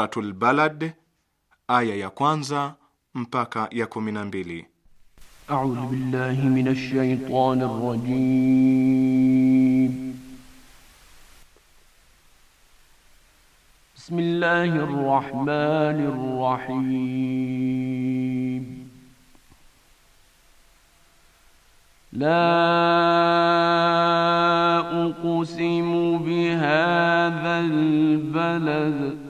Suratul Balad aya ya kwanza mpaka ya kumi na mbili. A'udhu billahi minash shaitani rrajim. Bismillahir rahmanir rahim. لا أقسم بهذا البلد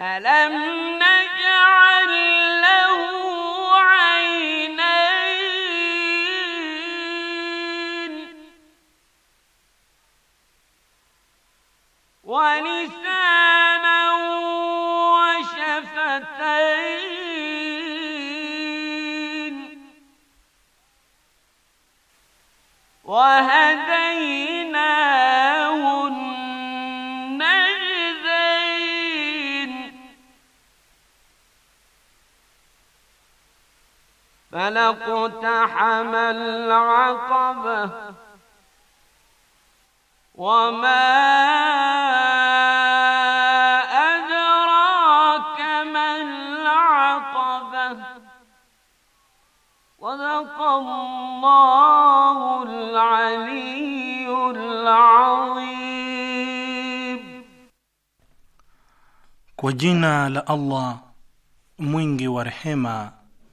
ألم نجعل عينين ولسانا وشفتين فلقتحم العقبة وما أدراك ما العقبة صدق الله العلي العظيم kwa لألله la Allah wa rehema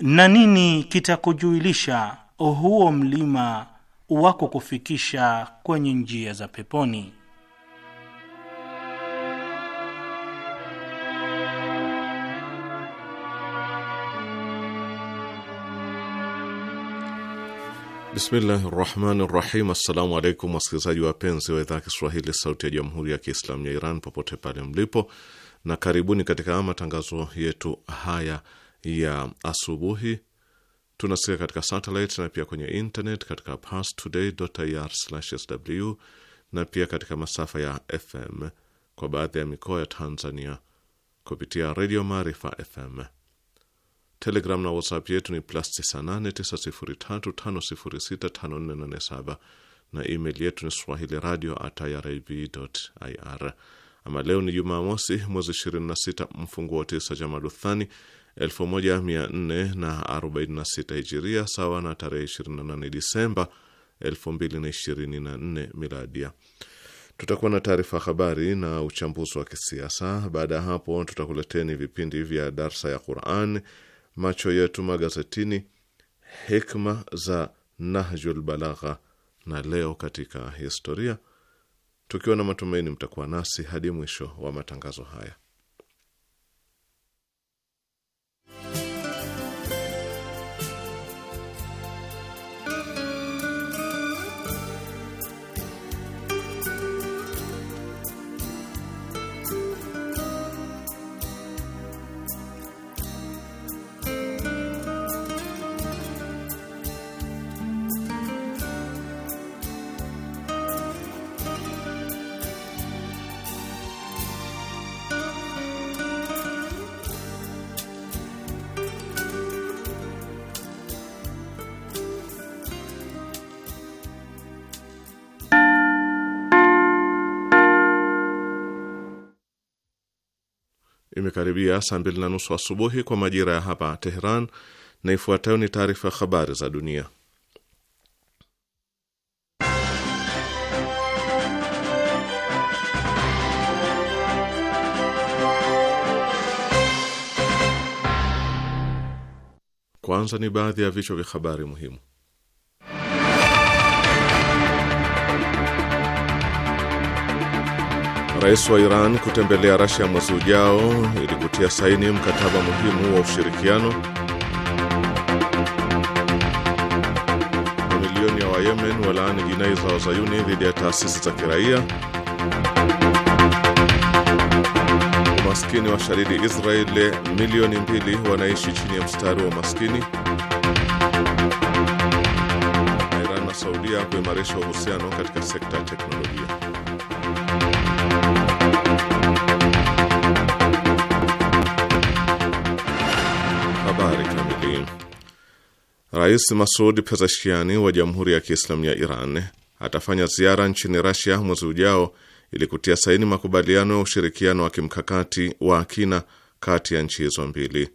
na nini kitakujuilisha huo mlima wako kufikisha kwenye njia za peponi? Bismillahi rahmani rahim. Assalamu alaikum wasikilizaji wapenzi wa idhaa Kiswahili sauti ya jamhuri ya Kiislamu ya Iran popote pale mlipo, na karibuni katika matangazo yetu haya ya asubuhi. Tunasikia katika satellite na pia kwenye internet katika parstoday.ir/sw na pia katika masafa ya FM kwa baadhi ya mikoa ya Tanzania kupitia Redio Maarifa FM. Telegram na WhatsApp yetu ni plus 989035065487 na email yetu ni swahili radio at irib.ir. Ama leo ni Jumamosi, mwezi 26 mfunguo wa 9 Jamaduthani 1446 hijiria sawa na tarehe 28 Disemba 2024 miladia. Tutakuwa na taarifa habari na uchambuzi wa kisiasa. Baada ya hapo, tutakuleteni vipindi vya darsa ya Quran, macho yetu magazetini, hikma za Nahjul Balagha na leo katika historia, tukiwa na matumaini mtakuwa nasi hadi mwisho wa matangazo haya. Imekaribia saa mbili na nusu asubuhi kwa majira ya hapa Teheran, na ifuatayo ni taarifa ya habari za dunia. Kwanza ni baadhi ya vichwa vya habari muhimu. Rais wa Iran kutembelea Rasia mwezi ujao ili kutia saini mkataba muhimu wa ushirikiano. Mamilioni ya Wayemen walaani jinai za wazayuni dhidi ya taasisi za kiraia. Umaskini wa sharidi Israeli, milioni mbili wanaishi chini ya mstari wa maskini. Iran na Saudia kuimarisha uhusiano katika sekta ya teknolojia. Jamhuri. Rais Masud Pezeshkiani wa Jamhuri ya Kiislamu ya Iran atafanya ziara nchini Rasia mwezi ujao ili kutia saini makubaliano ya ushirikiano wa kimkakati wa kina kati ya nchi hizo mbili.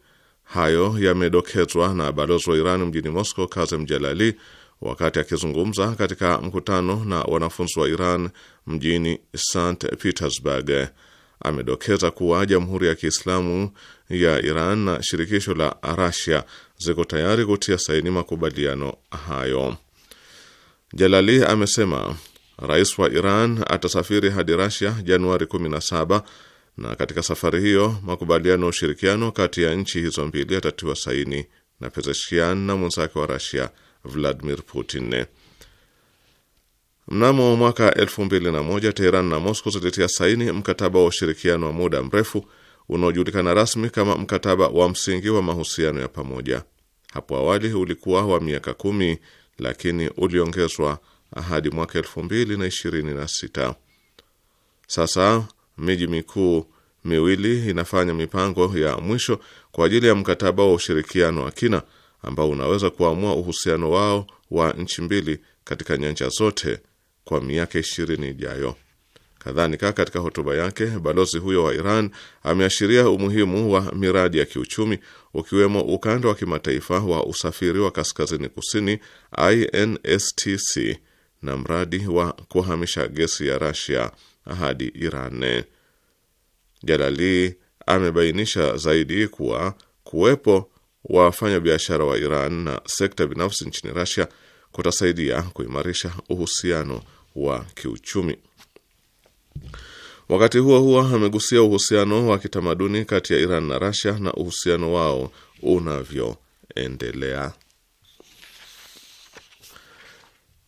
Hayo yamedokezwa na balozi wa Iran mjini Moscow, Kazem Jalali, wakati akizungumza katika mkutano na wanafunzi wa Iran mjini St Petersburg amedokeza kuwa Jamhuri ya Kiislamu ya Iran na shirikisho la Rasia ziko tayari kutia saini makubaliano hayo. Jalali amesema rais wa Iran atasafiri hadi Rasia Januari 17 na katika safari hiyo makubaliano ya ushirikiano kati ya nchi hizo mbili yatatiwa saini na Pezeshkian na mwenzake wa Rasia Vladimir Putin. Mnamo mwaka 2001 Teheran na Moscow zilitia saini mkataba wa ushirikiano wa muda mrefu unaojulikana rasmi kama mkataba wa msingi wa mahusiano ya pamoja. Hapo awali ulikuwa wa miaka kumi, lakini uliongezwa hadi mwaka 2026. Sasa miji mikuu miwili inafanya mipango ya mwisho kwa ajili ya mkataba wa ushirikiano wa kina ambao unaweza kuamua uhusiano wao wa nchi mbili katika nyanja zote kwa miaka ishirini ijayo. Kadhalika, katika hotuba yake balozi huyo wa Iran ameashiria umuhimu wa miradi ya kiuchumi ukiwemo ukanda wa kimataifa wa usafiri wa kaskazini kusini INSTC na mradi wa kuhamisha gesi ya Rasia hadi Iran. Jalali amebainisha zaidi kuwa kuwepo wafanyabiashara wa Iran na sekta binafsi nchini Rasia kutasaidia kuimarisha uhusiano wa kiuchumi. Wakati huo huo, amegusia uhusiano wa kitamaduni kati ya Iran na Russia na uhusiano wao unavyoendelea.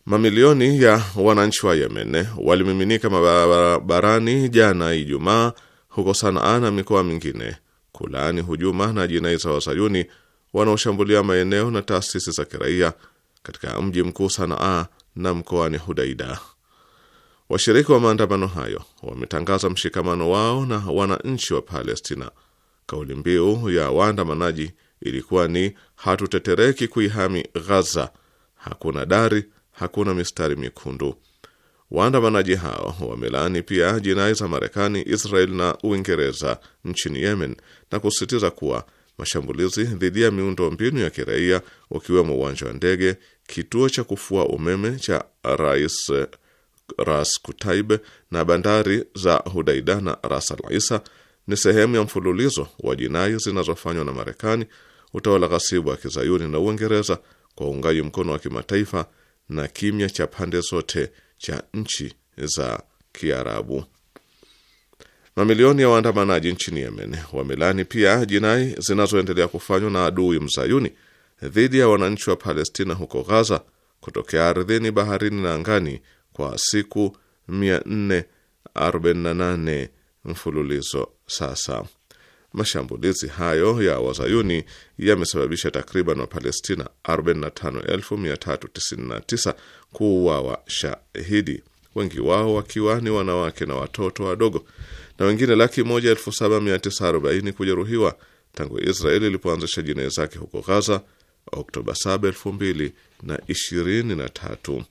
Mamilioni ya wananchi wa Yemen walimiminika mabarabarani jana Ijumaa huko Sanaa na mikoa mingine kulaani hujuma na jinai za Wazayuni wanaoshambulia maeneo na taasisi za kiraia katika mji mkuu Sanaa na mkoani Hudaida. Washiriki wa maandamano hayo wametangaza mshikamano wao na wananchi wa Palestina. Kauli mbiu ya waandamanaji ilikuwa ni hatutetereki kuihami Ghaza, hakuna dari, hakuna mistari mekundu. Waandamanaji hao wamelaani pia jinai za Marekani, Israel na Uingereza nchini Yemen na kusisitiza kuwa mashambulizi dhidi ya miundo mbinu ya kiraia, ukiwemo uwanja wa ndege, kituo cha kufua umeme cha Rais Ras Kutaib na bandari za Hudaida na Ras Al Isa ni sehemu ya mfululizo wa jinai zinazofanywa na Marekani, utawala ghasibu wa kizayuni na Uingereza kwa uungaji mkono wa kimataifa na kimya cha pande zote cha nchi za Kiarabu. Mamilioni ya waandamanaji nchini Yemen wamelani pia jinai zinazoendelea kufanywa na adui mzayuni dhidi ya wananchi wa Palestina huko Ghaza, kutokea ardhini, baharini na angani kwa siku 448 mfululizo sasa. Mashambulizi hayo ya wazayuni yamesababisha takriban Wapalestina 45399 kuuawa shahidi, wengi wao wakiwa ni wanawake na watoto wadogo, na wengine laki moja elfu saba mia tisa arobaini kujeruhiwa tangu Israeli ilipoanzisha jinai zake huko Ghaza Oktoba 7, 2023.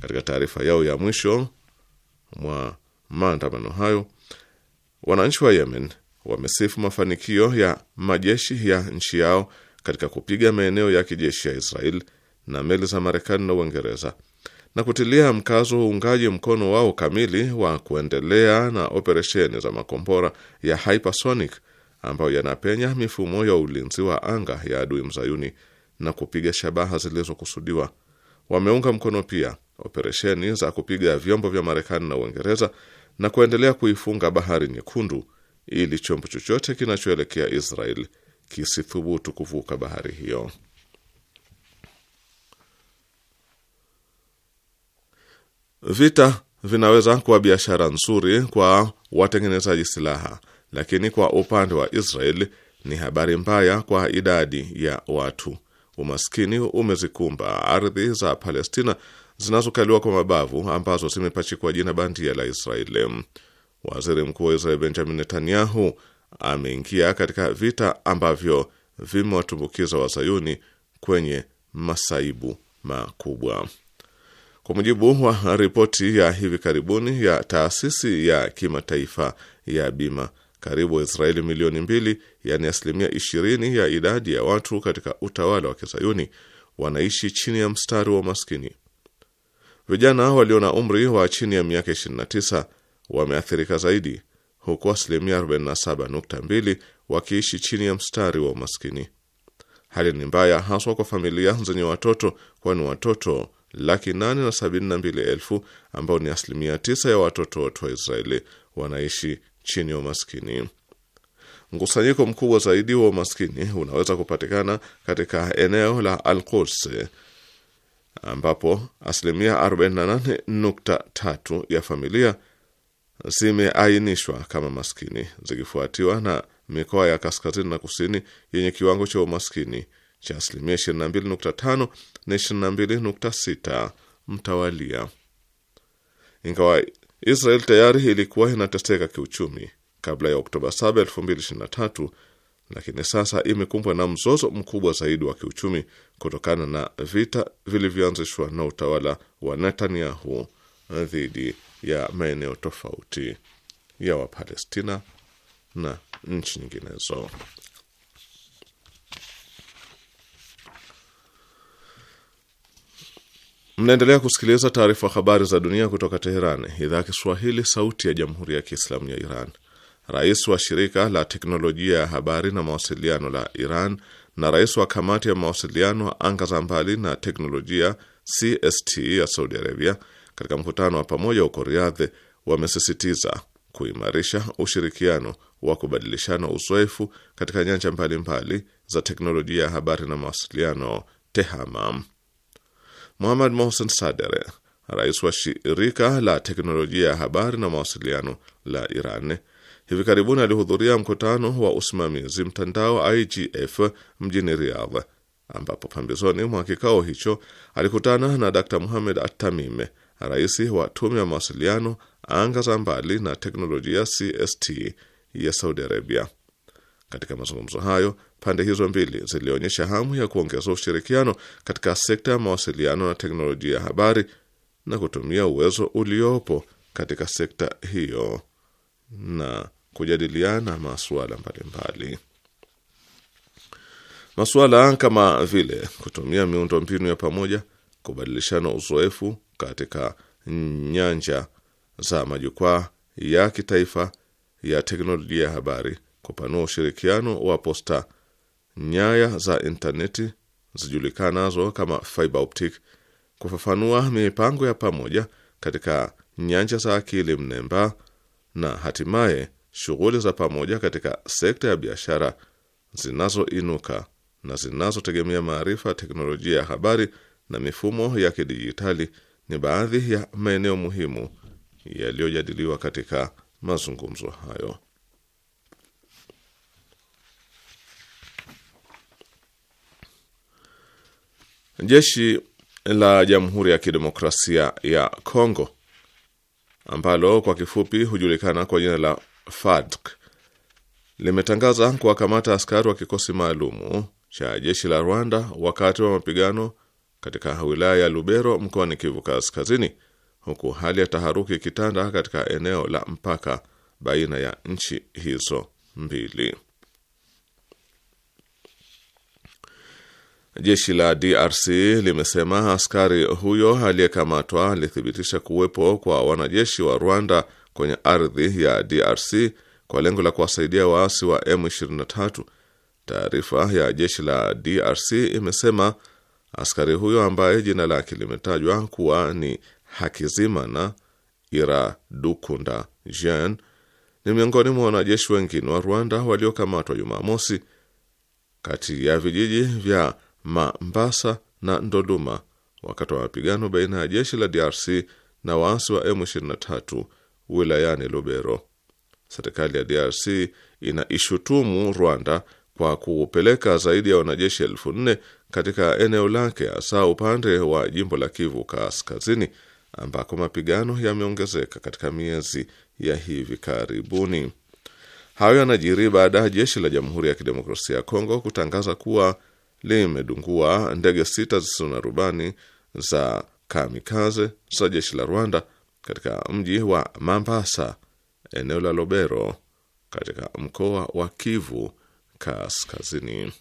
Katika taarifa yao ya mwisho mwa maandamano hayo, wananchi wa Yemen wamesifu mafanikio ya majeshi ya nchi yao katika kupiga maeneo ya kijeshi ya Israel na meli za Marekani na Uingereza na kutilia mkazo uungaji mkono wao kamili wa kuendelea na operesheni za makombora ya hypersonic ambayo yanapenya mifumo ya ulinzi wa anga ya adui mzayuni na kupiga shabaha zilizokusudiwa. Wameunga mkono pia operesheni za kupiga vyombo vya Marekani na Uingereza na kuendelea kuifunga Bahari Nyekundu ili chombo chochote kinachoelekea Israel kisithubutu kuvuka bahari hiyo. Vita vinaweza kuwa biashara nzuri kwa watengenezaji silaha, lakini kwa upande wa Israel ni habari mbaya kwa idadi ya watu. Umaskini umezikumba ardhi za Palestina zinazokaliwa kwa mabavu ambazo zimepachikwa jina bandia la Israeli. Waziri mkuu wa Israeli Benjamin Netanyahu ameingia katika vita ambavyo vimewatumbukiza wazayuni kwenye masaibu makubwa. Kwa mujibu wa ripoti ya hivi karibuni ya taasisi ya kimataifa ya bima, karibu Israeli milioni mbili, yaani asilimia ishirini ya idadi ya watu katika utawala wa kizayuni wanaishi chini ya mstari wa umaskini. Vijana walio na umri wa chini ya miaka 29 wameathirika zaidi, huku asilimia 47.2 wakiishi chini ya mstari wa umaskini. Hali ni mbaya haswa kwa familia zenye watoto, kwani watoto laki nane na sabini na mbili elfu ambao ni asilimia tisa ya watoto wote wa Israeli wanaishi chini ya umaskini. Mkusanyiko mkubwa zaidi wa umaskini unaweza kupatikana katika eneo la Al-Quds ambapo asilimia 48.3 ya familia zimeainishwa kama maskini zikifuatiwa na mikoa ya kaskazini na kusini yenye kiwango cha umaskini cha asilimia 22.5 na 22.6 mtawalia. Ingawa Israel tayari ilikuwa inateseka kiuchumi kabla ya Oktoba 7, 2023 lakini sasa imekumbwa na mzozo mkubwa zaidi wa kiuchumi kutokana na vita vilivyoanzishwa na utawala wa Netanyahu dhidi ya maeneo tofauti ya Wapalestina na nchi nyinginezo. Mnaendelea kusikiliza taarifa habari za dunia kutoka Teheran, idhaa ya Kiswahili, sauti ya jamhuri ya kiislamu ya Iran rais wa shirika la teknolojia ya habari na mawasiliano la Iran na rais wa kamati ya mawasiliano anga za mbali na teknolojia CST ya Saudi Arabia katika mkutano wa pamoja huko Riadhi wamesisitiza kuimarisha ushirikiano wa kubadilishana uzoefu katika nyanja mbalimbali mbali za teknolojia ya habari na mawasiliano TEHAMA. Muhammad Mohsen sadere rais wa shirika la teknolojia ya habari na mawasiliano la Iran hivi karibuni alihudhuria mkutano wa usimamizi mtandao IGF mjini Riyadh, ambapo pambizoni mwa kikao hicho alikutana na Dr Muhamed Atamime, rais wa tume ya mawasiliano anga za mbali na teknolojia CST ya Saudi Arabia. Katika mazungumzo hayo, pande hizo mbili zilionyesha hamu ya kuongeza ushirikiano katika sekta ya mawasiliano na teknolojia ya habari na kutumia uwezo uliopo katika sekta hiyo na kujadiliana masuala mbalimbali. Masuala kama vile kutumia miundo mbinu ya pamoja, kubadilishana uzoefu katika nyanja za majukwaa ya kitaifa ya teknolojia ya habari, kupanua ushirikiano wa posta, nyaya za intaneti zijulikanazo kama fiber optic, kufafanua mipango ya pamoja katika nyanja za akili mnemba na hatimaye shughuli za pamoja katika sekta ya biashara zinazoinuka na zinazotegemea maarifa, teknolojia ya habari na mifumo ya kidijitali ni baadhi ya maeneo muhimu yaliyojadiliwa katika mazungumzo hayo. Jeshi la Jamhuri ya Kidemokrasia ya Kongo ambalo kwa kifupi hujulikana kwa jina la FADC limetangaza kuwakamata askari wa kikosi maalumu cha jeshi la Rwanda wakati wa mapigano katika wilaya ya Lubero mkoani Kivu Kaskazini, huku hali ya taharuki ikitanda katika eneo la mpaka baina ya nchi hizo mbili. Jeshi la DRC limesema askari huyo aliyekamatwa alithibitisha kuwepo kwa wanajeshi wa Rwanda kwenye ardhi ya DRC kwa lengo la kuwasaidia waasi wa M23. Taarifa ya jeshi la DRC imesema askari huyo ambaye jina lake limetajwa kuwa ni Hakizimana Iradukunda Jean ni miongoni mwa wanajeshi wengine wa Rwanda waliokamatwa Jumamosi kati ya vijiji vya Mambasa na Ndoluma wakati wa mapigano baina ya jeshi la DRC na waasi wa M23 wilayani Lubero. Serikali ya DRC inaishutumu Rwanda kwa kupeleka zaidi ya wanajeshi elfu nne katika eneo lake hasa upande wa jimbo la Kivu Kaskazini ambako mapigano yameongezeka katika miezi ya hivi karibuni. Hayo yanajiri baada ya jeshi la Jamhuri ya Kidemokrasia ya Kongo kutangaza kuwa limedungua ndege sita zisizo na rubani za kamikaze za jeshi la Rwanda katika mji wa Mambasa, eneo la Lobero, katika mkoa wa Kivu Kaskazini.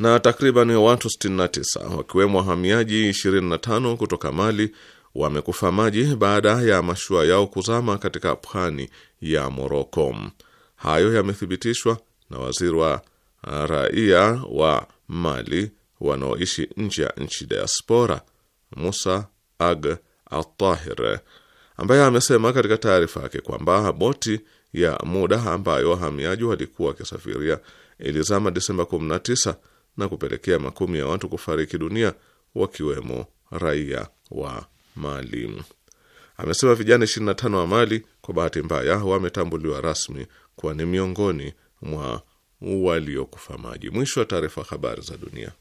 Na takriban watu 69 wakiwemo wahamiaji 25 kutoka Mali wamekufa maji baada ya mashua yao kuzama katika pwani ya Moroko. Hayo yamethibitishwa na waziri wa raia wa Mali wanaoishi nje ya nchi diaspora Musa Ag Atahir ambaye amesema katika taarifa yake kwamba boti ya muda ambayo wahamiaji walikuwa wakisafiria ilizama Desemba 19 na kupelekea makumi ya watu kufariki dunia wakiwemo raia wa Mali. Amesema vijana 25 wa Mali kwa bahati mbaya wametambuliwa rasmi kuwa ni miongoni mwa waliokufa maji. Mwisho wa taarifa. Habari za dunia.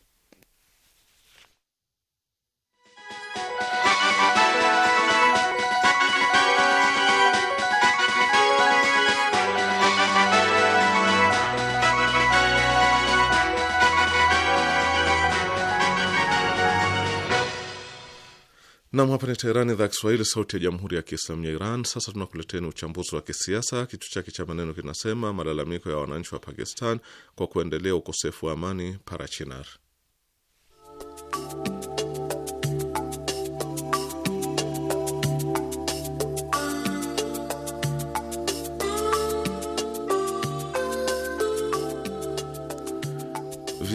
Nam, hapa ni Teherani, idhaa Kiswahili, sauti ya jamhuri ya kiislamu ya Iran. Sasa tunakuleteni uchambuzi wa kisiasa, kichwa chake cha maneno kinasema malalamiko ya wananchi wa Pakistan kwa kuendelea ukosefu wa amani Parachinar.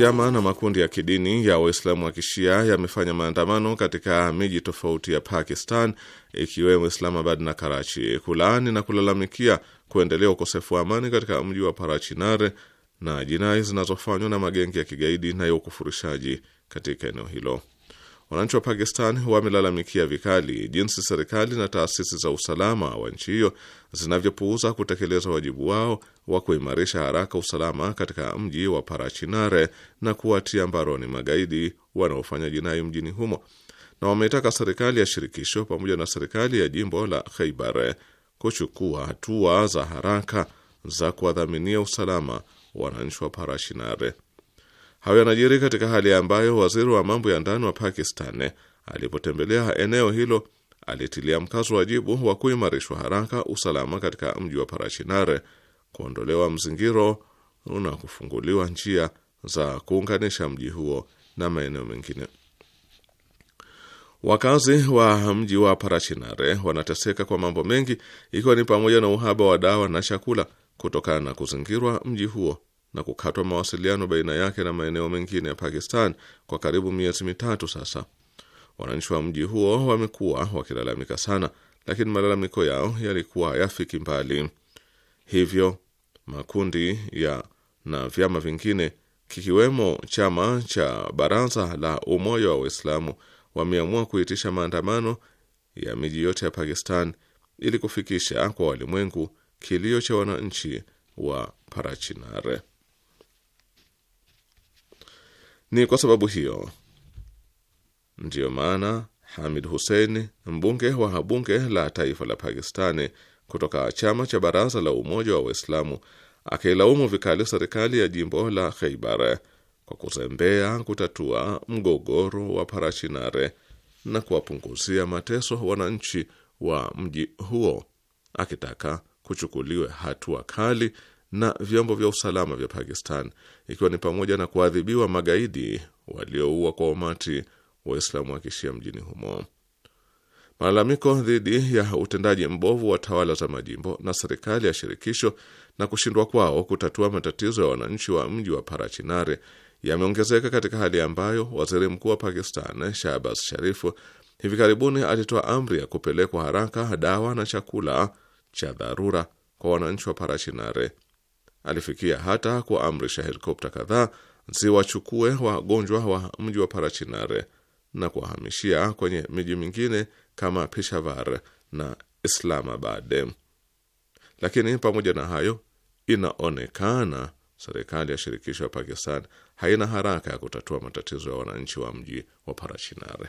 Vyama na makundi ya kidini ya Waislamu wa Kishia yamefanya maandamano katika miji tofauti ya Pakistan ikiwemo Islamabad na Karachi kulaani na kulalamikia kuendelea ukosefu wa amani katika mji wa Parachinare na jinai zinazofanywa na magengi ya kigaidi na ya ukufurishaji katika eneo hilo. Wananchi wa Pakistan wamelalamikia vikali jinsi serikali na taasisi za usalama wa nchi hiyo zinavyopuuza kutekeleza wajibu wao wa kuimarisha haraka usalama katika mji wa Parachinare na kuwatia mbaroni magaidi wanaofanya jinai mjini humo, na wameitaka serikali ya shirikisho pamoja na serikali ya jimbo la Khaibar kuchukua hatua za haraka za kuwadhaminia usalama wananchi wa Parachinare. Hayo yanajiri katika hali ambayo waziri wa mambo ya ndani wa Pakistan alipotembelea eneo hilo alitilia mkazo wajibu wa kuimarishwa haraka usalama katika mji wa Parachinare, kuondolewa mzingiro na kufunguliwa njia za kuunganisha mji huo na maeneo mengine. Wakazi wa mji wa Parachinare wanateseka kwa mambo mengi, ikiwa ni pamoja na uhaba wa dawa na chakula kutokana na kuzingirwa mji huo na kukatwa mawasiliano baina yake na maeneo mengine ya Pakistan kwa karibu miezi mitatu sasa. Wananchi wa mji huo wamekuwa wakilalamika sana, lakini malalamiko yao yalikuwa yafiki mbali. Hivyo makundi ya na vyama vingine kikiwemo chama cha Baraza la Umoja wa Waislamu wameamua kuitisha maandamano ya miji yote ya Pakistan ili kufikisha kwa walimwengu kilio cha wananchi wa Parachinare. Ni kwa sababu hiyo ndiyo maana Hamid Hussein, mbunge wa bunge la taifa la Pakistani kutoka chama cha baraza la umoja wa Waislamu, akilaumu vikali serikali ya jimbo la Kheibar kwa kuzembea kutatua mgogoro wa Parachinare na kuwapunguzia mateso wananchi wa mji huo, akitaka kuchukuliwe hatua kali na vyombo vya usalama vya Pakistan, ikiwa ni pamoja na kuadhibiwa magaidi walioua kwa umati Waislamu wa kishia mjini humo. Malalamiko dhidi ya utendaji mbovu wa tawala za majimbo na serikali ya shirikisho na kushindwa kwao kutatua matatizo ya wananchi wa mji wa Parachinare yameongezeka katika hali ambayo waziri mkuu wa Pakistan Shahbaz Sharifu hivi karibuni alitoa amri ya kupelekwa haraka dawa na chakula cha dharura kwa wananchi wa Parachinare Alifikia hata kuwaamrisha helikopta kadhaa ziwachukue wagonjwa wa mji wa Parachinare na kuwahamishia kwenye miji mingine kama Peshawar na Islamabad. Lakini pamoja na hayo, inaonekana serikali ya shirikisho ya Pakistan haina haraka ya kutatua matatizo ya wananchi wa mji wa Parachinare.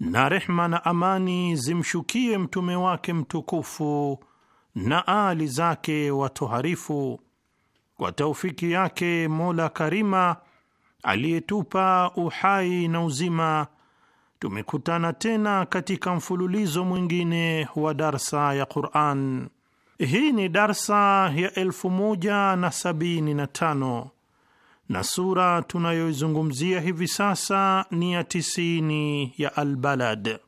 na rehma na amani zimshukie mtume wake mtukufu na aali zake watoharifu. Kwa taufiki yake Mola Karima aliyetupa uhai na uzima, tumekutana tena katika mfululizo mwingine wa darsa ya Quran. Hii ni darsa ya elfu moja na sabini na tano na sura tunayoizungumzia hivi sasa ni ya tisini ya Albalad.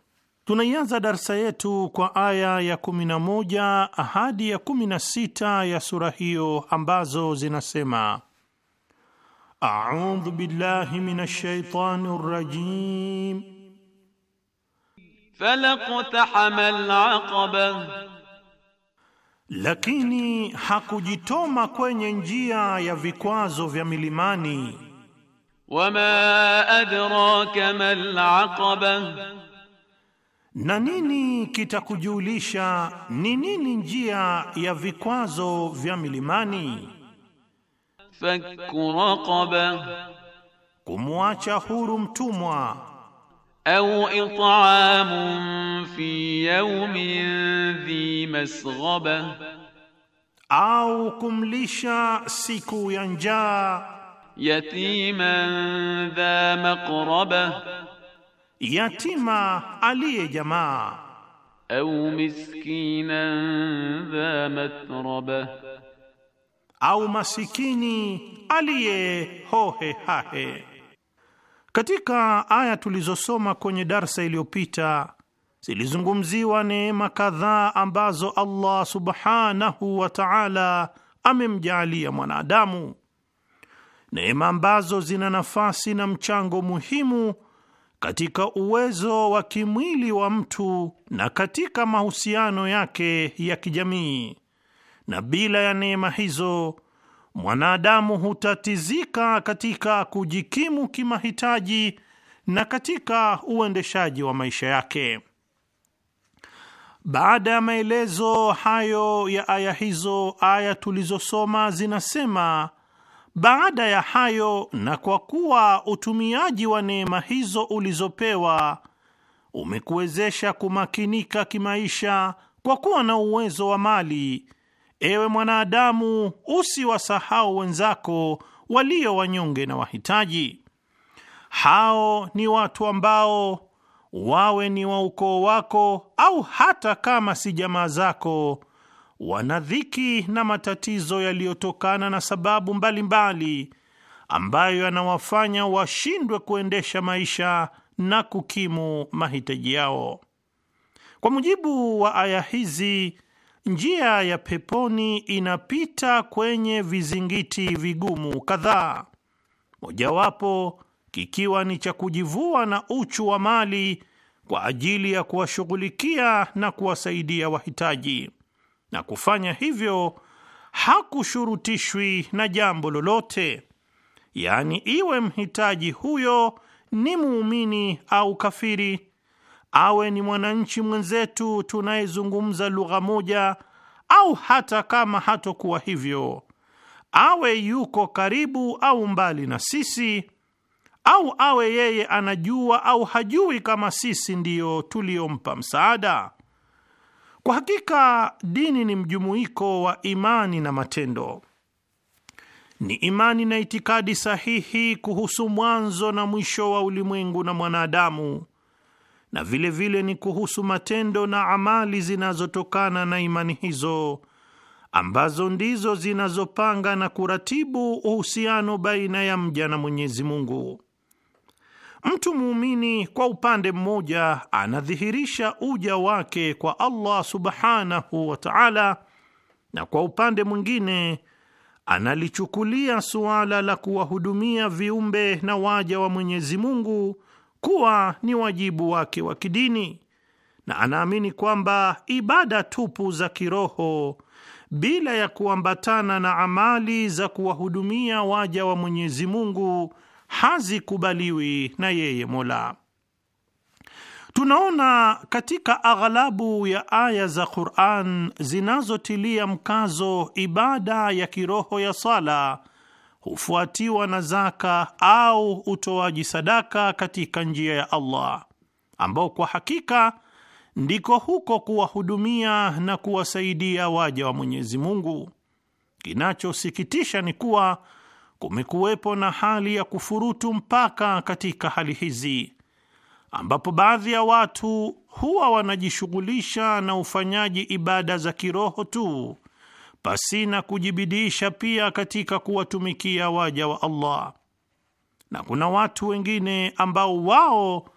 Tunaianza darsa yetu kwa aya ya moja hadi ya sita ya sura hiyo ambazo zinasema: audhu billahi min shaitani rajim falaqtahamal lakini hakujitoma kwenye njia ya vikwazo vya milimani. Wama adraka mal aqaba, na nini kitakujulisha ni nini njia ya vikwazo vya milimani? Fakku raqaba, kumwacha huru mtumwa أو إطعام في يوم ذي مسغبة أو كمليشا سيكو ينجا يتيما ذا مقربة يتيما علي جماعة أو مسكينا ذا متربة أو مسكيني علي هوه هاهي Katika aya tulizosoma kwenye darsa iliyopita zilizungumziwa neema kadhaa ambazo Allah subhanahu wa ta'ala amemjaalia mwanadamu, neema ambazo zina nafasi na mchango muhimu katika uwezo wa kimwili wa mtu na katika mahusiano yake ya kijamii, na bila ya neema hizo mwanadamu hutatizika katika kujikimu kimahitaji na katika uendeshaji wa maisha yake. Baada ya maelezo hayo ya aya hizo, aya tulizosoma zinasema baada ya hayo, na kwa kuwa utumiaji wa neema hizo ulizopewa umekuwezesha kumakinika kimaisha kwa kuwa na uwezo wa mali Ewe mwanadamu, usiwasahau wenzako walio wanyonge na wahitaji. Hao ni watu ambao wawe ni wa ukoo wako au hata kama si jamaa zako, wana dhiki na matatizo yaliyotokana na sababu mbalimbali mbali, ambayo yanawafanya washindwe kuendesha maisha na kukimu mahitaji yao. Kwa mujibu wa aya hizi Njia ya peponi inapita kwenye vizingiti vigumu kadhaa, mojawapo kikiwa ni cha kujivua na uchu wa mali kwa ajili ya kuwashughulikia na kuwasaidia wahitaji, na kufanya hivyo hakushurutishwi na jambo lolote, yaani iwe mhitaji huyo ni muumini au kafiri awe ni mwananchi mwenzetu tunayezungumza lugha moja, au hata kama hatokuwa hivyo, awe yuko karibu au mbali na sisi, au awe yeye anajua au hajui kama sisi ndiyo tuliompa msaada. Kwa hakika dini ni mjumuiko wa imani na matendo. Ni imani na itikadi sahihi kuhusu mwanzo na mwisho wa ulimwengu na mwanadamu na vile vile ni kuhusu matendo na amali zinazotokana na imani hizo ambazo ndizo zinazopanga na kuratibu uhusiano baina ya mja na Mwenyezi Mungu. Mtu muumini kwa upande mmoja anadhihirisha uja wake kwa Allah subhanahu wa ta'ala, na kwa upande mwingine analichukulia suala la kuwahudumia viumbe na waja wa Mwenyezi Mungu kuwa ni wajibu wake wa kidini, na anaamini kwamba ibada tupu za kiroho bila ya kuambatana na amali za kuwahudumia waja wa Mwenyezi Mungu hazikubaliwi na yeye Mola. Tunaona katika aghalabu ya aya za Qur'an zinazotilia mkazo ibada ya kiroho ya sala hufuatiwa na zaka au utoaji sadaka katika njia ya Allah, ambao kwa hakika ndiko huko kuwahudumia na kuwasaidia waja wa Mwenyezi Mungu. Kinachosikitisha ni kuwa kumekuwepo na hali ya kufurutu mpaka katika hali hizi, ambapo baadhi ya watu huwa wanajishughulisha na ufanyaji ibada za kiroho tu pasina kujibidisha pia katika kuwatumikia waja wa Allah. Na kuna watu wengine ambao wao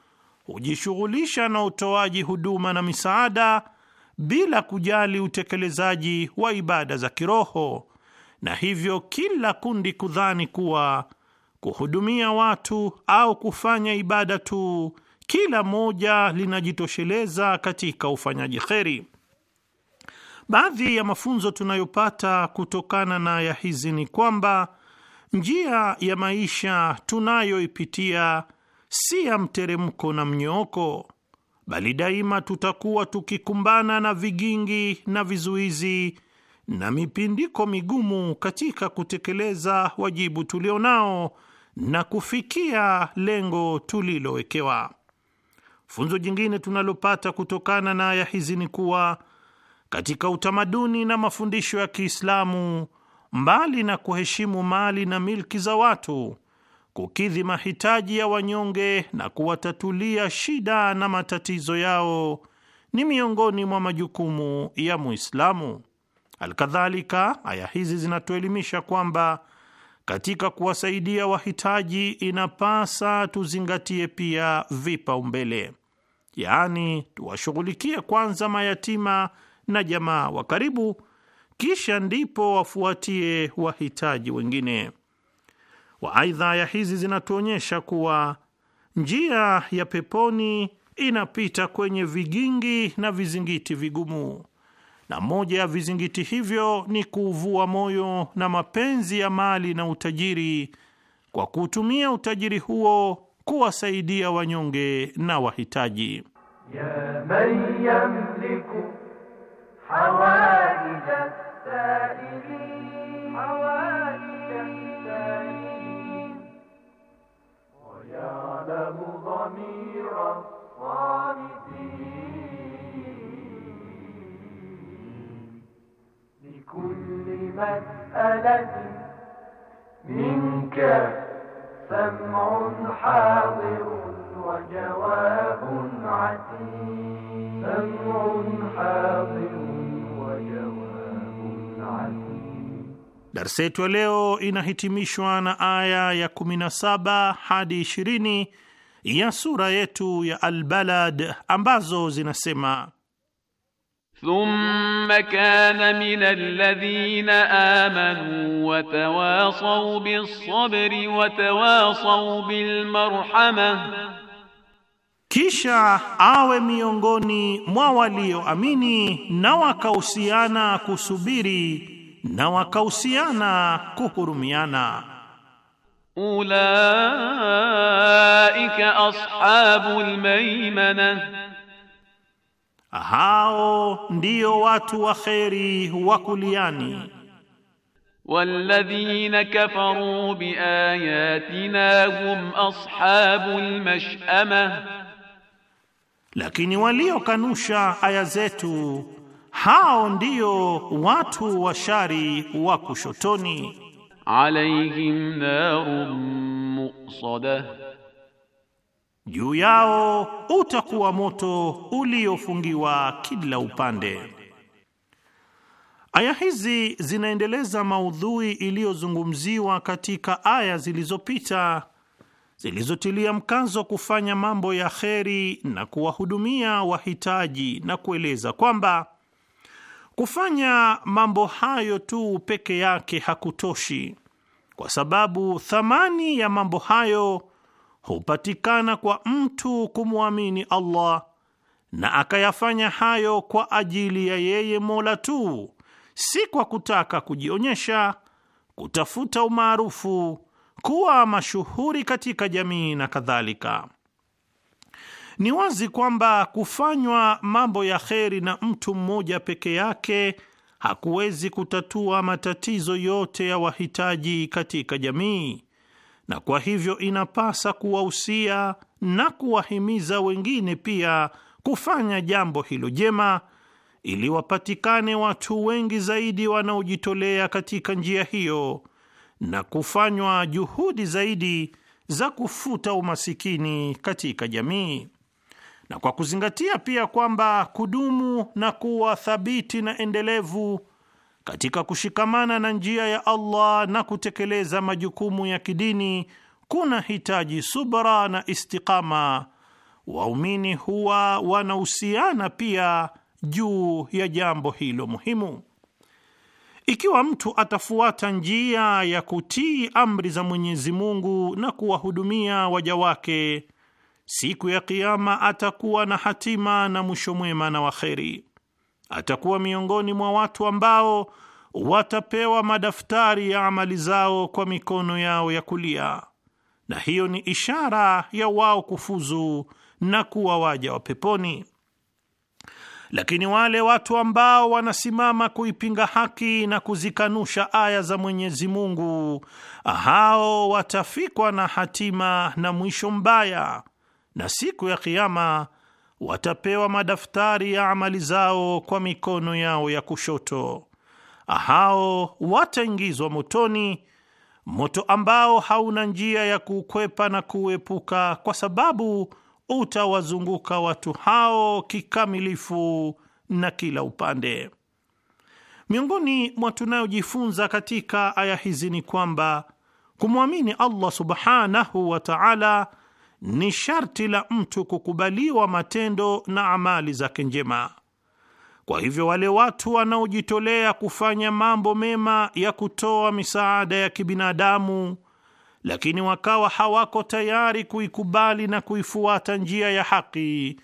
hujishughulisha na utoaji huduma na misaada bila kujali utekelezaji wa ibada za kiroho, na hivyo kila kundi kudhani kuwa kuhudumia watu au kufanya ibada tu, kila moja linajitosheleza katika ufanyaji kheri. Baadhi ya mafunzo tunayopata kutokana na ya hizi ni kwamba njia ya maisha tunayoipitia si ya mteremko na mnyooko, bali daima tutakuwa tukikumbana na vigingi na vizuizi na mipindiko migumu katika kutekeleza wajibu tulio nao na kufikia lengo tulilowekewa. Funzo jingine tunalopata kutokana na aya hizi ni kuwa katika utamaduni na mafundisho ya Kiislamu, mbali na kuheshimu mali na milki za watu, kukidhi mahitaji ya wanyonge na kuwatatulia shida na matatizo yao ni miongoni mwa majukumu ya Muislamu. Alkadhalika, aya hizi zinatuelimisha kwamba katika kuwasaidia wahitaji inapasa tuzingatie pia vipaumbele, yaani tuwashughulikie kwanza mayatima na jamaa wa karibu, kisha ndipo wafuatie wahitaji wengine. Waaidha ya hizi zinatuonyesha kuwa njia ya peponi inapita kwenye vigingi na vizingiti vigumu, na moja ya vizingiti hivyo ni kuuvua moyo na mapenzi ya mali na utajiri, kwa kuutumia utajiri huo kuwasaidia wanyonge na wahitaji ya حوائج السائلين حوائج السائلين ويعلم ضمير الصامتين لكل مسألة منك سمع حاضر وجواب عتيم سمع حاضر Darsa yetu ya leo inahitimishwa na aya ya 17 hadi 20 ya sura yetu ya Albalad ambazo zinasema: thumma kana min alladhina amanu watawasau bis sabri watawasau bil marhamah Kisha awe miongoni mwa walioamini na wakahusiana kusubiri na wakahusiana kuhurumiana. Ulaika ashabul maimana, hao ndio watu wa kheri wa kuliani. والذين كفروا بآياتنا هم أصحاب المشأمة Lakini waliokanusha aya zetu hao ndio watu shari wa kushotoni. alayhim narun muqsada, juu yao utakuwa moto uliofungiwa kila upande. Aya hizi zinaendeleza maudhui iliyozungumziwa katika aya zilizopita zilizotilia mkazo kufanya mambo ya kheri na kuwahudumia wahitaji na kueleza kwamba kufanya mambo hayo tu peke yake hakutoshi, kwa sababu thamani ya mambo hayo hupatikana kwa mtu kumwamini Allah na akayafanya hayo kwa ajili ya yeye Mola tu, si kwa kutaka kujionyesha, kutafuta umaarufu kuwa mashuhuri katika jamii na kadhalika. Ni wazi kwamba kufanywa mambo ya kheri na mtu mmoja peke yake hakuwezi kutatua matatizo yote ya wahitaji katika jamii, na kwa hivyo inapasa kuwahusia na kuwahimiza wengine pia kufanya jambo hilo jema ili wapatikane watu wengi zaidi wanaojitolea katika njia hiyo na kufanywa juhudi zaidi za kufuta umasikini katika jamii, na kwa kuzingatia pia kwamba kudumu na kuwa thabiti na endelevu katika kushikamana na njia ya Allah na kutekeleza majukumu ya kidini kuna hitaji subra na istiqama, waumini huwa wanahusiana pia juu ya jambo hilo muhimu. Ikiwa mtu atafuata njia ya kutii amri za Mwenyezi Mungu na kuwahudumia waja wake, siku ya Kiyama atakuwa na hatima na mwisho mwema na waheri. Atakuwa miongoni mwa watu ambao watapewa madaftari ya amali zao kwa mikono yao ya kulia, na hiyo ni ishara ya wao kufuzu na kuwa waja wa peponi. Lakini wale watu ambao wanasimama kuipinga haki na kuzikanusha aya za Mwenyezi Mungu, hao watafikwa na hatima na mwisho mbaya, na siku ya Kiama watapewa madaftari ya amali zao kwa mikono yao ya kushoto. Hao wataingizwa motoni, moto ambao hauna njia ya kuukwepa na kuuepuka, kwa sababu utawazunguka watu hao kikamilifu na kila upande. Miongoni mwa tunayojifunza katika aya hizi ni kwamba kumwamini Allah subhanahu wa ta'ala ni sharti la mtu kukubaliwa matendo na amali zake njema. Kwa hivyo wale watu wanaojitolea kufanya mambo mema ya kutoa misaada ya kibinadamu lakini wakawa hawako tayari kuikubali na kuifuata njia ya haki,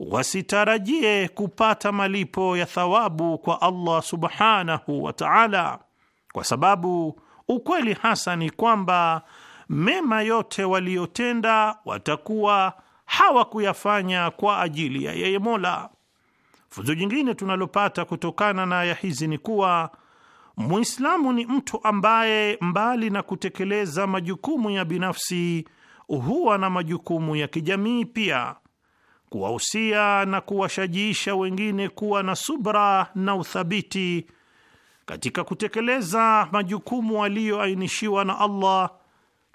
wasitarajie kupata malipo ya thawabu kwa Allah subhanahu wa ta'ala, kwa sababu ukweli hasa ni kwamba mema yote waliyotenda watakuwa hawakuyafanya kwa ajili ya yeye Mola. Funzo jingine tunalopata kutokana na aya hizi ni kuwa Muislamu ni mtu ambaye mbali na kutekeleza majukumu ya binafsi huwa na majukumu ya kijamii pia, kuwahusia na kuwashajiisha wengine kuwa na subra na uthabiti katika kutekeleza majukumu aliyoainishiwa na Allah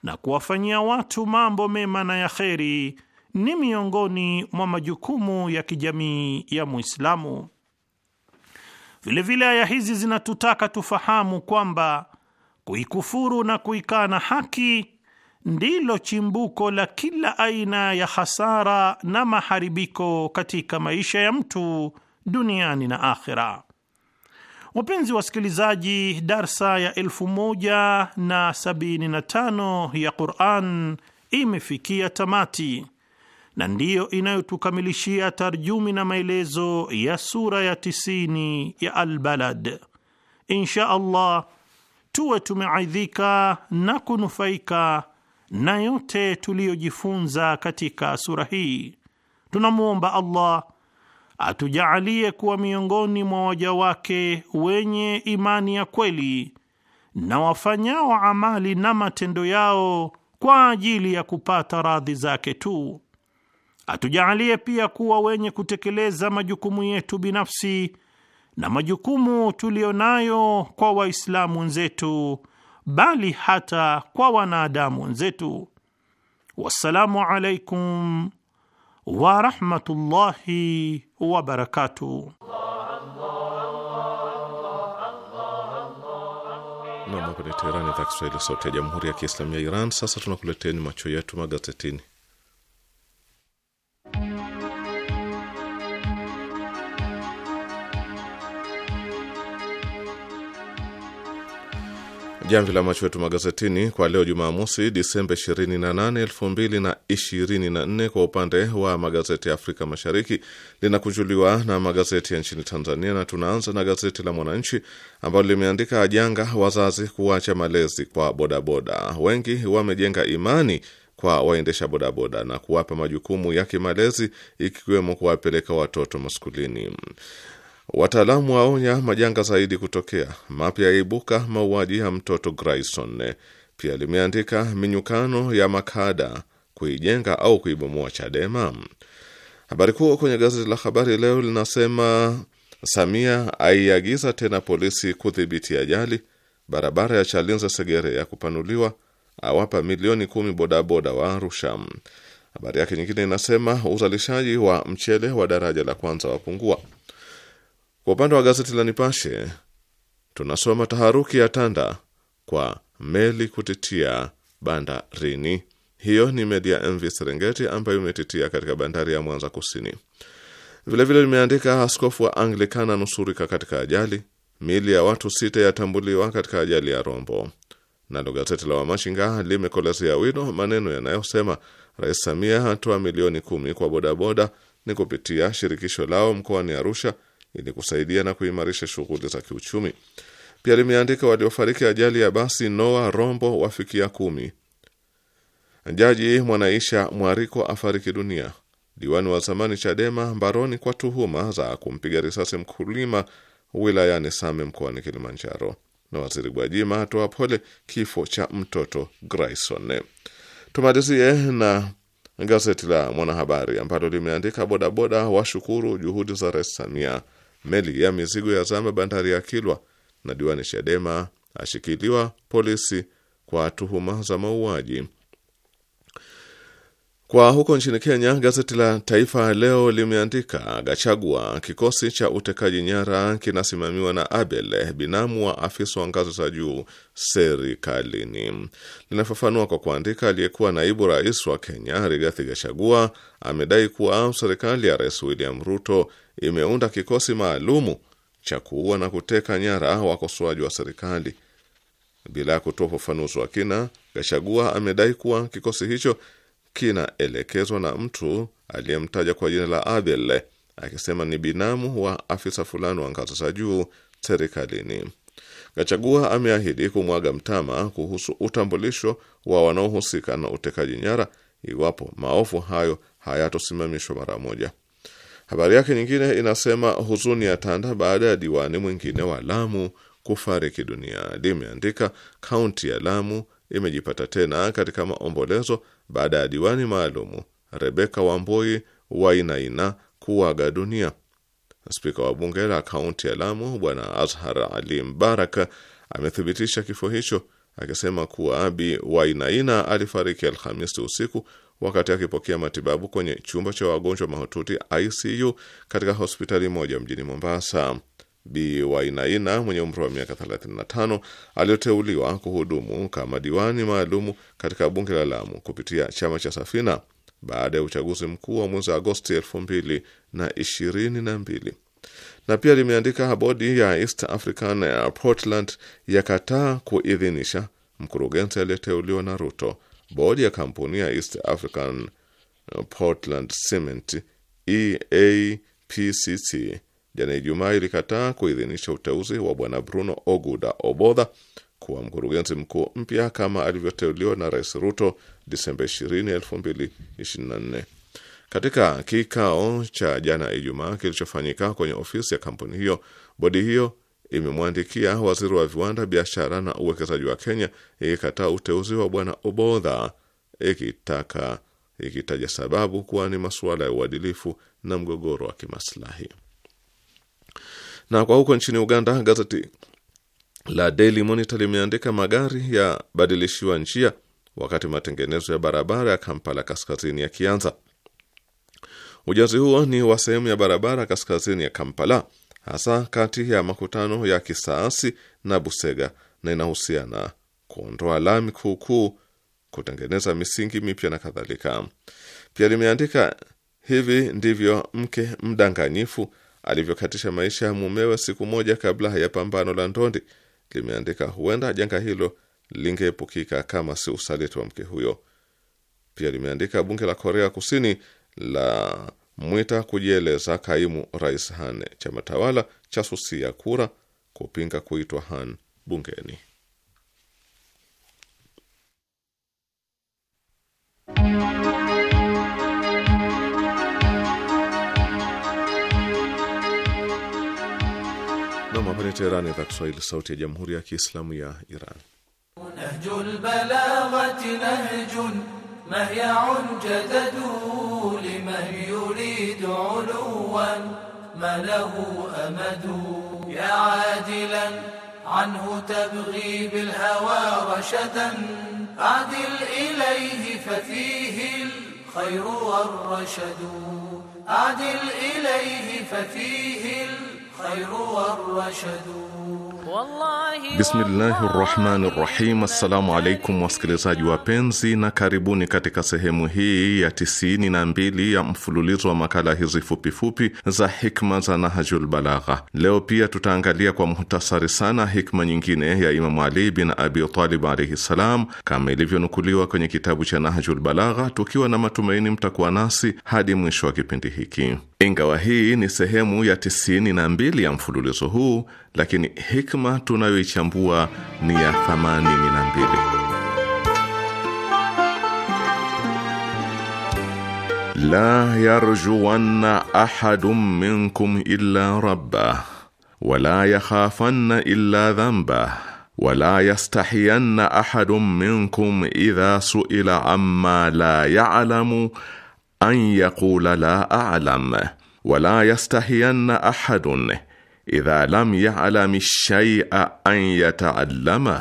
na kuwafanyia watu mambo mema na ya kheri ni miongoni mwa majukumu ya kijamii ya Muislamu. Vilevile aya hizi zinatutaka tufahamu kwamba kuikufuru na kuikana haki ndilo chimbuko la kila aina ya hasara na maharibiko katika maisha ya mtu duniani na akhira Wapenzi wasikilizaji, darsa ya 175 ya Qur'an imefikia tamati na ndiyo inayotukamilishia tarjumi na maelezo ya sura ya tisini ya Albalad. Insha Allah tuwe tumeaidhika na kunufaika na yote tuliyojifunza katika sura hii. Tunamwomba Allah atujaalie kuwa miongoni mwa waja wake wenye imani ya kweli na wafanyao amali na matendo yao kwa ajili ya kupata radhi zake tu. Atujaalie pia kuwa wenye kutekeleza majukumu yetu binafsi na majukumu tuliyo nayo kwa Waislamu wenzetu, bali hata kwa wanadamu wenzetu. Wassalamu alaikum warahmatullahi wabarakatuh. Nam, hapa ni Teherani, idhaa Kiswahili, sauti ya jamhuri ya kiislamu ya Iran. Sasa tunakuleteni macho yetu magazetini. Jamvi la macho yetu magazetini kwa leo Jumamosi, Disemba 28, 2024. Kwa upande wa magazeti ya Afrika Mashariki linakunjuliwa na magazeti ya nchini Tanzania, na tunaanza na gazeti la Mwananchi ambalo limeandika ajanga wazazi kuacha malezi kwa bodaboda. Wengi wamejenga imani kwa waendesha bodaboda na kuwapa majukumu ya kimalezi ikiwemo kuwapeleka watoto maskulini. Wataalamu waonya majanga zaidi kutokea. Mapya yaibuka mauaji ya mtoto Grayson. Pia limeandika minyukano ya makada kuijenga au kuibomoa Chadema. Habari kuu kwenye gazeti la Habari Leo linasema Samia aiagiza tena polisi kudhibiti ajali. Barabara ya Chalinze Segerea kupanuliwa, awapa milioni kumi bodaboda wa Arusha. Habari yake nyingine inasema uzalishaji wa mchele wa daraja la kwanza wapungua. Kwa upande wa gazeti la Nipashe tunasoma taharuki ya tanda kwa meli kutitia bandarini. Hiyo ni meli ya MV Serengeti ambayo imetitia katika bandari ya Mwanza Kusini. Vilevile limeandika askofu wa Anglikana nusurika katika ajali, miili ya watu sita yatambuliwa katika ajali ya Rombo. Nalo gazeti la Wamachinga limekolezea wino maneno yanayosema Rais Samia hatoa milioni kumi kwa bodaboda ni kupitia shirikisho lao mkoani Arusha ili kusaidia na kuimarisha shughuli za kiuchumi. Pia limeandika waliofariki ajali ya basi Noah Rombo wafikia kumi. Jaji Mwanaisha Mwariko afariki dunia. Diwani wa zamani Chadema mbaroni kwa tuhuma za kumpiga risasi mkulima wilayani Same mkoani Kilimanjaro. Na waziri Gwajima atoa pole kifo cha mtoto Grayson. Tumalizie na gazeti la Mwanahabari ambalo limeandika bodaboda washukuru juhudi za Rais Samia meli ya mizigo ya zama bandari ya Kilwa, na diwani Chadema ashikiliwa polisi kwa tuhuma za mauaji. Kwa huko nchini Kenya, gazeti la Taifa Leo limeandika Gachagua, kikosi cha utekaji nyara kinasimamiwa na Abel, binamu wa afisa wa ngazo za juu serikalini. Linafafanua kwa kuandika, aliyekuwa naibu rais wa Kenya Rigathi Gachagua amedai kuwa serikali ya Rais William Ruto imeunda kikosi maalumu cha kuua na kuteka nyara wakosoaji wa serikali. Bila ya kutoa ufafanuzi wa kina, Gachagua amedai kuwa kikosi hicho kinaelekezwa na mtu aliyemtaja kwa jina la Abel, akisema ni binamu wa afisa fulani wa ngazi za juu serikalini. Gachagua ameahidi kumwaga mtama kuhusu utambulisho wa wanaohusika na utekaji nyara iwapo maovu hayo hayatosimamishwa mara moja. Habari yake nyingine inasema huzuni ya tanda baada ya diwani mwingine wa Lamu kufariki dunia. Limeandika kaunti ya Lamu imejipata tena katika maombolezo baada ya diwani maalumu Rebeka Wambui Wainaina kuaga dunia. Spika wa bunge la kaunti ya Lamu Bwana Azhar Ali mbarak amethibitisha kifo hicho akisema kuwa Abi Wainaina alifariki Alhamisi usiku wakati akipokea matibabu kwenye chumba cha wagonjwa mahututi ICU katika hospitali moja mjini Mombasa. Bi Wainaina mwenye umri wa miaka 35 aliyoteuliwa kuhudumu kama diwani maalumu katika bunge la Lamu kupitia chama cha Safina baada ya uchaguzi mkuu wa mwezi Agosti 2022 na pia limeandika bodi ya East African Portland yakataa kuidhinisha mkurugenzi aliyeteuliwa na Ruto bodi ya kampuni ya East African uh, Portland Cement EAPCC jana Ijumaa ilikataa kuidhinisha uteuzi wa bwana Bruno Oguda Obodha kuwa mkurugenzi mkuu mpya kama alivyoteuliwa na Rais Ruto Disemba 20, 2024. Katika kikao cha jana Ijumaa kilichofanyika kwenye ofisi ya kampuni hiyo, bodi hiyo imemwandikia waziri wa viwanda, biashara na uwekezaji wa Kenya ikikataa uteuzi wa bwana Obodha ikitaka ikitaja sababu kuwa ni masuala ya uadilifu na mgogoro wa kimaslahi. Na kwa huko nchini Uganda, gazeti la Daily Monitor limeandika magari ya badilishiwa njia wakati matengenezo ya barabara ya Kampala kaskazini yakianza. Ujenzi huo ni wa sehemu ya barabara kaskazini ya Kampala hasa kati ya makutano ya kisaasi na Busega, na inahusiana kuondoa lami kuukuu, kutengeneza misingi mipya na kadhalika. Pia limeandika hivi ndivyo mke mdanganyifu alivyokatisha maisha ya mumewe siku moja kabla ya pambano la ndondi. Limeandika huenda janga hilo lingeepukika kama si usaliti wa mke huyo. Pia limeandika bunge la Korea Kusini la Mwita kujieleza kaimu rais Han. Chama tawala cha susia kura kupinga kuitwa Han bungeni. Namapane Teherani, idhaa Kiswahili, sauti ya jamhuri ya kiislamu ya Iran. Nahjul balaghati nahjun mahya'un jadadu liman علوا ما له أمد يا عادلا عنه تبغي بالهوى رشدا أعدل إليه ففيه الخير والرشد أعدل إليه ففيه الخير والرشد Bismillahi rahmani rahim. Assalamu alaikum wasikilizaji wapenzi, na karibuni katika sehemu hii ya tisini na mbili ya mfululizo wa makala hizi fupifupi za hikma za Nahjul Balagha. Leo pia tutaangalia kwa muhtasari sana hikma nyingine ya Imamu Ali bin Abi Talib alaihi ssalam, kama ilivyonukuliwa kwenye kitabu cha Nahjul Balagha, tukiwa na matumaini mtakuwa nasi hadi mwisho wa kipindi hiki. Ingawa hii ni sehemu ya tisini na mbili ya mfululizo huu lakini hikma tunayoichambua ni ya 82. La yarjuwanna ahadun minkum illa rabbah wala yakhafanna illa dhanbah wala yastahiyanna ahadun minkum idha su'ila amma la ya'lamu an yaqula la a'lam wala yastahiyanna ahadun idha lam ya'lam shay'a an yata'allama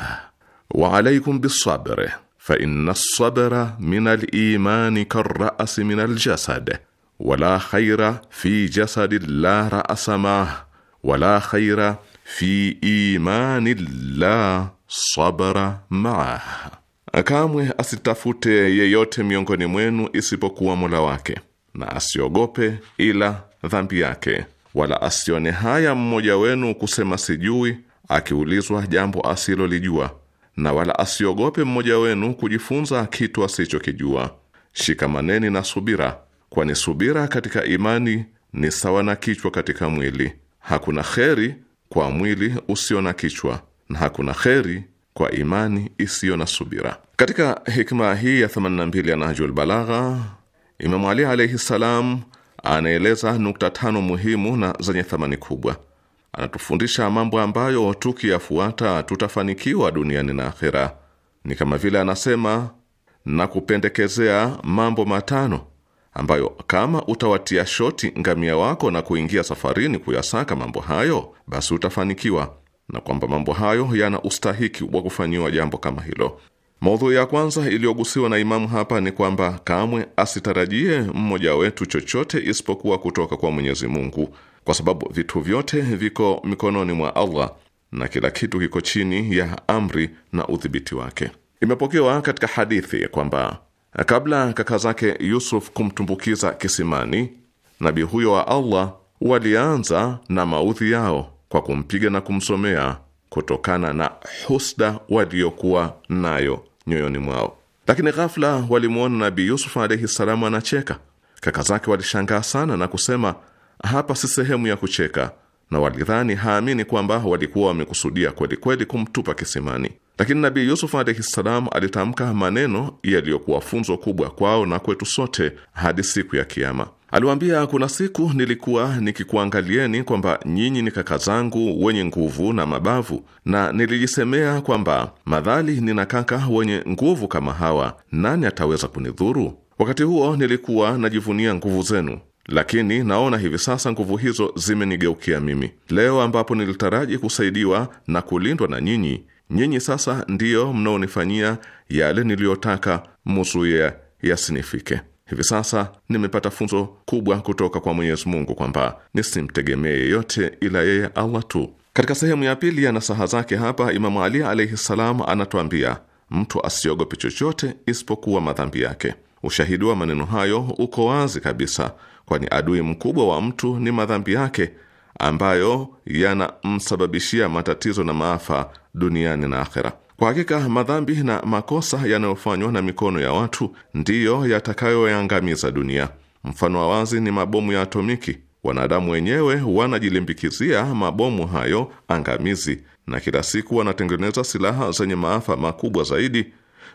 wa alaykum bis-sabr fa inna as-sabra min al-iman kar-ra's min al-jasad wala khayra fi jasad la ra'sa ma wala khayra fi imani la sabra maah Kamwe asitafute yeyote miongoni mwenu isipokuwa Mola wake na asiogope ila dhambi yake wala asione haya mmoja wenu kusema sijui, akiulizwa jambo asilolijua, na wala asiogope mmoja wenu kujifunza kitu asichokijua. Shikamaneni na subira, kwani subira katika imani ni sawa na kichwa katika mwili. Hakuna kheri kwa mwili usio na kichwa, na hakuna kheri kwa imani isiyo na subira. Katika hikma hii ya 82 ya Nahjul Balagha, Imamu Ali alaihi salam anaeleza nukta tano muhimu na zenye thamani kubwa. Anatufundisha mambo ambayo tukiyafuata tutafanikiwa duniani na akhera. Ni kama vile anasema, na kupendekezea mambo matano ambayo kama utawatia shoti ngamia wako na kuingia safarini kuyasaka mambo hayo, basi utafanikiwa, na kwamba mambo hayo yana ustahiki wa kufanyiwa jambo kama hilo. Maudhui ya kwanza iliyogusiwa na Imamu hapa ni kwamba kamwe asitarajie mmoja wetu chochote isipokuwa kutoka kwa Mwenyezi Mungu, kwa sababu vitu vyote viko mikononi mwa Allah na kila kitu kiko chini ya amri na udhibiti wake. Imepokewa katika hadithi kwamba kabla kaka zake Yusuf kumtumbukiza kisimani, nabii huyo wa Allah walianza na maudhi yao kwa kumpiga na kumsomea kutokana na husda waliokuwa nayo nyoyoni mwao. Lakini ghafla walimwona Nabii Yusufu alaihi salamu anacheka. Kaka zake walishangaa sana na kusema, hapa si sehemu ya kucheka, na walidhani haamini kwamba walikuwa wamekusudia kweli kweli kumtupa kisimani. Lakini Nabii yusuf alaihi salamu alitamka maneno yaliyokuwa funzo kubwa kwao na kwetu sote hadi siku ya Kiama. Aliwaambia, kuna siku nilikuwa nikikuangalieni kwamba nyinyi ni kaka zangu wenye nguvu na mabavu, na nilijisemea kwamba madhali nina kaka wenye nguvu kama hawa, nani ataweza kunidhuru? Wakati huo nilikuwa najivunia nguvu zenu, lakini naona hivi sasa nguvu hizo zimenigeukia mimi. Leo ambapo nilitaraji kusaidiwa na kulindwa na nyinyi, nyinyi sasa ndiyo mnaonifanyia yale niliyotaka muzuye yasinifike. Hivi sasa nimepata funzo kubwa kutoka kwa Mwenyezi Mungu kwamba nisimtegemee yeyote ila yeye Allah tu. Katika sehemu ya pili ya nasaha zake hapa, Imamu Ali alaihi salam anatuambia mtu asiogope chochote isipokuwa madhambi yake. Ushahidi wa maneno hayo uko wazi kabisa, kwani adui mkubwa wa mtu ni madhambi yake ambayo yanamsababishia matatizo na maafa duniani na akhera. Kwa hakika madhambi na makosa yanayofanywa na mikono ya watu ndiyo yatakayoyangamiza dunia. Mfano wa wazi ni mabomu ya atomiki. Wanadamu wenyewe wanajilimbikizia mabomu hayo angamizi, na kila siku wanatengeneza silaha zenye maafa makubwa zaidi.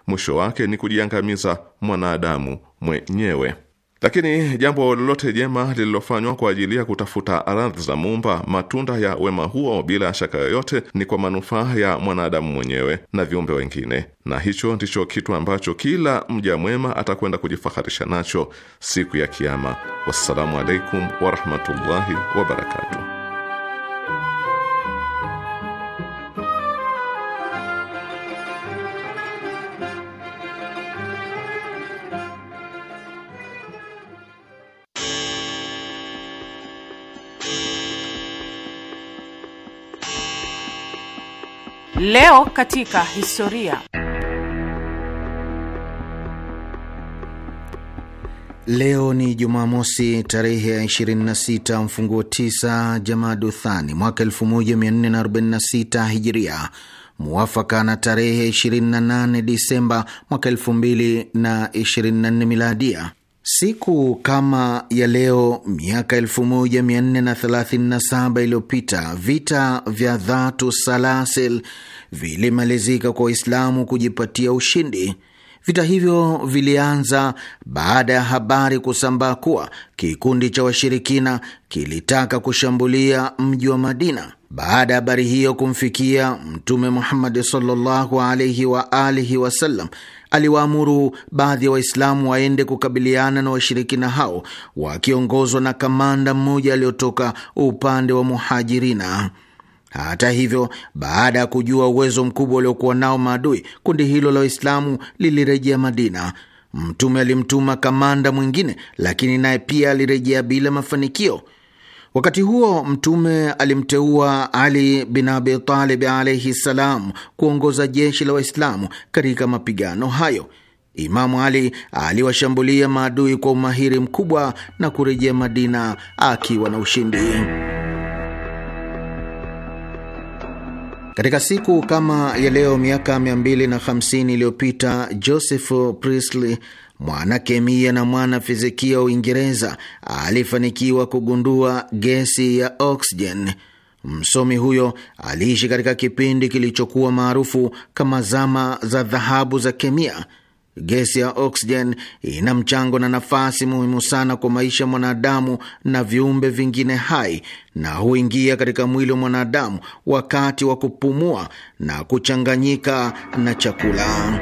Mwisho wake ni kujiangamiza mwanadamu mwenyewe. Lakini jambo lolote jema lililofanywa kwa ajili ya kutafuta radhi za Muumba, matunda ya wema huo bila shaka yoyote ni kwa manufaa ya mwanadamu mwenyewe na viumbe wengine, na hicho ndicho kitu ambacho kila mja mwema atakwenda kujifaharisha nacho siku ya Kiama. Wassalamu alaikum warahmatullahi wabarakatu. Leo katika historia. Leo ni Jumamosi tarehe ya 26 mfunguo 9 Jamadu Thani mwaka 1446 Hijiria, muwafaka na tarehe 28 Disemba mwaka 2024 Miladia. Siku kama ya leo miaka 1437 iliyopita vita vya Dhatu Salasil vilimalizika kwa Waislamu kujipatia ushindi. Vita hivyo vilianza baada ya habari kusambaa kuwa kikundi cha washirikina kilitaka kushambulia mji wa Madina. Baada ya habari hiyo kumfikia Mtume Muhammadi sallallahu alaihi wa alihi wasallam, aliwaamuru baadhi ya wa Waislamu waende kukabiliana na washirikina hao wakiongozwa na kamanda mmoja aliyotoka upande wa Muhajirina. Hata hivyo, baada ya kujua uwezo mkubwa uliokuwa nao maadui, kundi hilo la Waislamu lilirejea Madina. Mtume alimtuma kamanda mwingine, lakini naye pia alirejea bila mafanikio. Wakati huo Mtume alimteua Ali bin Abi Talib alaihi ssalam kuongoza jeshi la Waislamu katika mapigano hayo. Imamu Ali aliwashambulia maadui kwa umahiri mkubwa na kurejea Madina akiwa na ushindi. Katika siku kama ya leo miaka 250 iliyopita Joseph Priestley mwana kemia na mwana fizikia wa Uingereza alifanikiwa kugundua gesi ya oksijen. Msomi huyo aliishi katika kipindi kilichokuwa maarufu kama zama za dhahabu za kemia. Gesi ya oksijen ina mchango na nafasi muhimu sana kwa maisha ya mwanadamu na viumbe vingine hai, na huingia katika mwili wa mwanadamu wakati wa kupumua na kuchanganyika na chakula.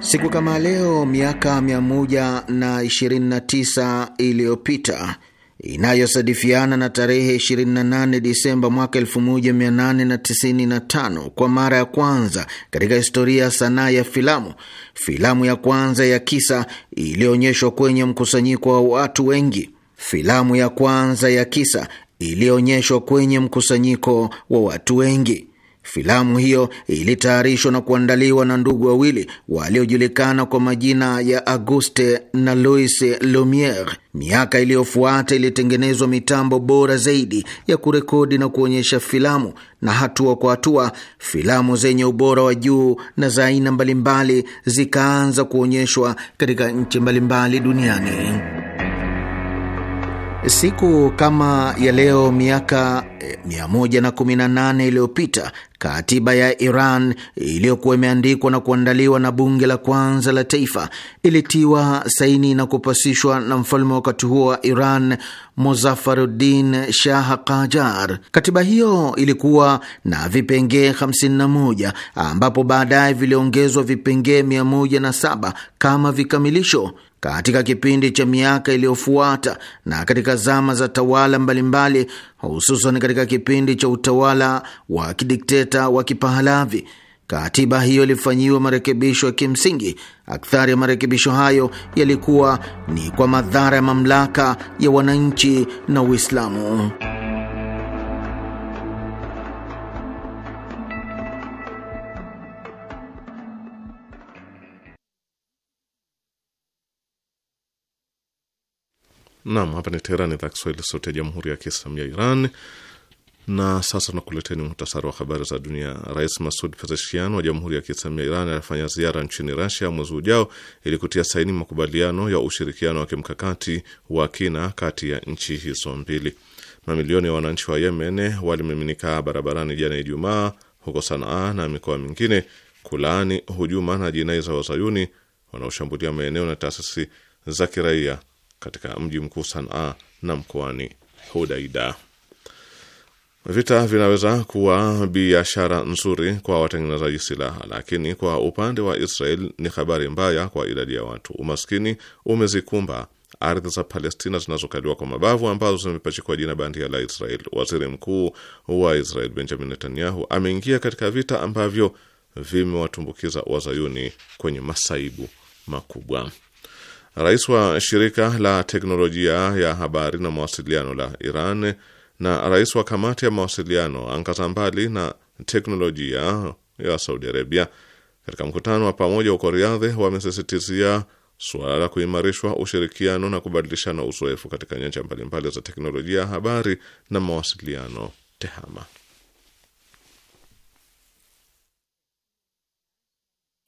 Siku kama leo miaka 129 iliyopita inayosadifiana na tarehe 28 Disemba mwaka 1895, kwa mara ya kwanza katika historia ya sanaa ya filamu, filamu ya kwanza ya kisa iliyoonyeshwa kwenye mkusanyiko wa watu wengi. Filamu ya kwanza ya kisa iliyoonyeshwa kwenye mkusanyiko wa watu wengi. Filamu hiyo ilitayarishwa na kuandaliwa na ndugu wawili waliojulikana kwa majina ya Auguste na Louis Lumiere. Miaka iliyofuata ilitengenezwa mitambo bora zaidi ya kurekodi na kuonyesha filamu, na hatua kwa hatua filamu zenye ubora wa juu na za aina mbalimbali zikaanza kuonyeshwa katika nchi mbalimbali duniani. Siku kama ya leo miaka 118 eh, iliyopita Katiba ya Iran iliyokuwa imeandikwa na kuandaliwa na bunge la kwanza la taifa ilitiwa saini na kupasishwa na mfalme wakati huo wa Iran, Mozafaruddin Shah Kajar. Katiba hiyo ilikuwa na vipengee 51 ambapo baadaye viliongezwa vipengee 107 kama vikamilisho katika kipindi cha miaka iliyofuata na katika zama za tawala mbalimbali hususan katika kipindi cha utawala wa kidikteta wa Kipahalavi. Katiba hiyo ilifanyiwa marekebisho ya kimsingi. Akthari ya marekebisho hayo yalikuwa ni kwa madhara ya mamlaka ya wananchi na Uislamu. Naam, hapa ni Teherani, idhaa Kiswahili, sauti ya jamhuri ya kiislamu ya Iran. Na sasa nakuleteni muhtasari wa habari za dunia. Rais Masud Pezeshkian wa Jamhuri ya Kiislamu ya Iran anafanya ziara nchini Rasia mwezi ujao ili kutia saini makubaliano ya ushirikiano wa kimkakati wa kina kati ya nchi hizo mbili. Mamilioni ya wananchi wa Yemen walimiminika barabarani jana Ijumaa huko Sanaa na mikoa mingine kulaani hujuma na jinai za Wazayuni wanaoshambulia maeneo na taasisi za kiraia katika mji mkuu Sanaa na mkoani Hudaida. Vita vinaweza kuwa biashara nzuri kwa watengenezaji silaha, lakini kwa upande wa Israel ni habari mbaya kwa idadi ya watu. Umaskini umezikumba ardhi za Palestina zinazokaliwa kwa mabavu ambazo zimepachikwa jina bandia la Israel. Waziri Mkuu wa Israel Benjamin Netanyahu ameingia katika vita ambavyo vimewatumbukiza wazayuni kwenye masaibu makubwa. Rais wa shirika la teknolojia ya habari na mawasiliano la Iran na rais wa kamati ya mawasiliano anga za mbali na teknolojia ya Saudi Arabia katika mkutano wa pamoja huko riadhi wamesisitizia suala la kuimarishwa ushirikiano na kubadilishana uzoefu katika nyanja mbalimbali za teknolojia ya habari na mawasiliano TEHAMA.